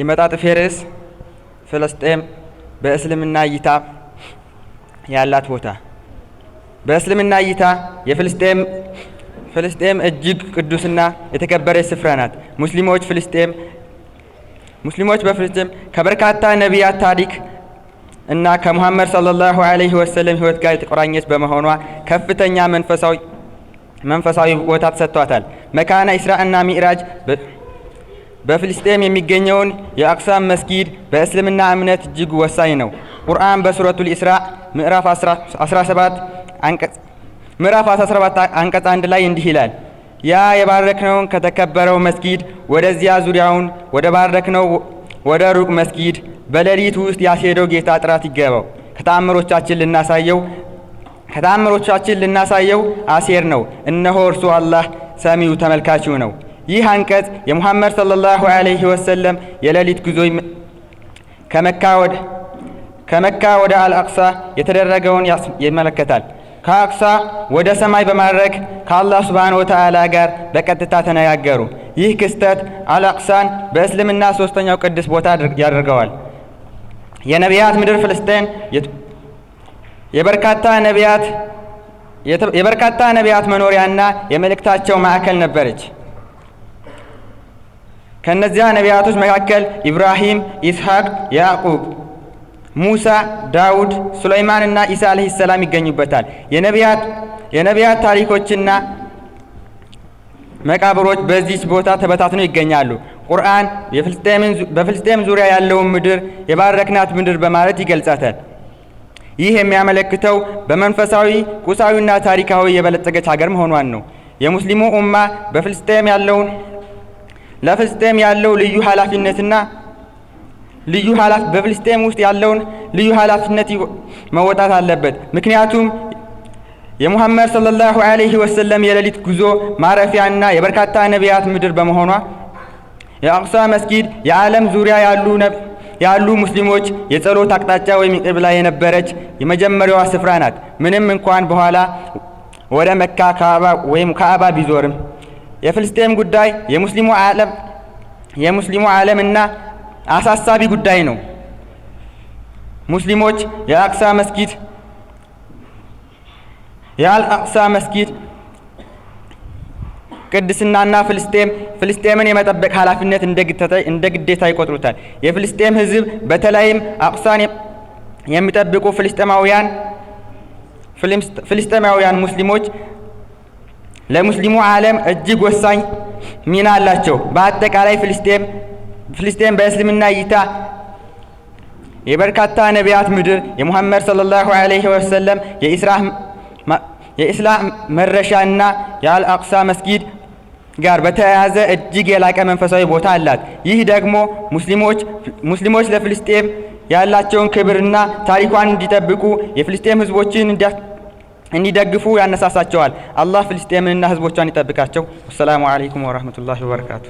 የመጣጥ ርዕስ ፍልስጤም በእስልምና እይታ ያላት ቦታ። በእስልምና እይታ የፍልስጤም ፍልስጤም እጅግ ቅዱስና የተከበረች ስፍራ ናት። ሙስሊሞች ፍልስጤም ሙስሊሞች በፍልስጤም ከበርካታ ነቢያት ታሪክ እና ከሙሐመድ ሰለላሁ ዐለይሂ ወሰለም ህይወት ጋር የተቆራኘች በመሆኗ ከፍተኛ መንፈሳዊ መንፈሳዊ ቦታ ተሰጥቷታል። መካነ ኢስራ ሚዕራጅ በፍልስጤም የሚገኘውን የአክሳ መስጊድ በእስልምና እምነት እጅግ ወሳኝ ነው። ቁርአን በሱረቱል ኢስራእ ምዕራፍ 17 አንቀጽ ምዕራፍ 17 አንቀጽ ላይ እንዲህ ይላል ያ የባረክነውን ከተከበረው መስጊድ ወደዚያ ዙሪያውን ወደ ባረክነው ወደ ሩቅ መስጊድ በሌሊት ውስጥ ያስሄደው ጌታ ጥራት ይገባው። ከተአምሮቻችን ልናሳየው ከተአምሮቻችን ልናሳየው አሴር ነው። እነሆ እርሱ አላህ ሰሚው ተመልካቹ ነው። ይህ አንቀጽ የሙሐመድ ሰለላሁ ዐለይሂ ወሰለም የሌሊት ጉዞ ከመካ ወደ አልአቅሳ የተደረገውን ይመለከታል። ከአቅሳ ወደ ሰማይ በማድረግ ከአላህ ሱብሓነሁ ወተዓላ ጋር በቀጥታ ተነጋገሩ። ይህ ክስተት አልአቅሳን በእስልምና ሶስተኛው ቅዱስ ቦታ ያደርገዋል። የነቢያት ምድር ፍልስጤን የበርካታ ነቢያት የበርካታ ነቢያት መኖሪያና የመልእክታቸው ማዕከል ነበረች። ከእነዚያ ነቢያቶች መካከል ኢብራሂም፣ ኢስሐቅ፣ ያዕቁብ፣ ሙሳ፣ ዳውድ፣ ሱለይማንና ኢሳ አለህ ሰላም ይገኙበታል። የነቢያት ታሪኮችና መቃብሮች በዚች ቦታ ተበታትነው ይገኛሉ። ቁርአን በፍልስጤም ዙሪያ ያለውን ምድር የባረክናት ምድር በማለት ይገልጻታል። ይህ የሚያመለክተው በመንፈሳዊ ቁሳዊና ታሪካዊ የበለጸገች ሀገር መሆኗን ነው። የሙስሊሙ ኡማ በፍልስጤም ያለውን ለፍልስጤም ያለው ልዩ ኃላፊነትና ልዩ ኃላፊ በፍልስጤም ውስጥ ያለውን ልዩ ኃላፊነት መወጣት አለበት። ምክንያቱም የሙሐመድ ሰለላሁ ዐለይሂ ወሰለም የሌሊት ጉዞ ማረፊያና የበርካታ ነቢያት ምድር በመሆኗ የአቅሷ መስጊድ የዓለም ዙሪያ ያሉ ያሉ ሙስሊሞች የጸሎት አቅጣጫ ወይም ቅብላ የነበረች የመጀመሪያዋ ስፍራ ናት። ምንም እንኳን በኋላ ወደ መካ ካዕባ ወይም ካዕባ ቢዞርም የፍልስጤም ጉዳይ የሙስሊሙ ዓለም የሙስሊሙ ዓለምና አሳሳቢ ጉዳይ ነው። ሙስሊሞች የአቅሳ መስጊድ የአልአቅሳ መስጊድ ቅድስናና ፍልስጤም ፍልስጤምን የመጠበቅ ኃላፊነት እንደ ግዴታ ይቆጥሩታል። የፍልስጤም ሕዝብ በተለይም አቅሳን የሚጠብቁ ፍልስጤማውያን ፍልስጤማውያን ሙስሊሞች ለሙስሊሙ ዓለም እጅግ ወሳኝ ሚና አላቸው። በአጠቃላይ ፍልስጤም በእስልምና እይታ የበርካታ ነቢያት ምድር፣ የሙሐመድ ሰለላሁ ዐለይሂ ወሰለም የኢስላም መረሻ እና የአልአቅሳ መስጊድ ጋር በተያያዘ እጅግ የላቀ መንፈሳዊ ቦታ አላት። ይህ ደግሞ ሙስሊሞች ለፍልስጤም ያላቸውን ክብርና ታሪኳን እንዲጠብቁ የፍልስጤም ህዝቦችን እንዲደግፉ ያነሳሳቸዋል። አላህ ፍልስጤምንና ህዝቦቿን ይጠብቃቸው። አሰላሙ አለይኩም ወረህመቱላሂ ወበረካቱ።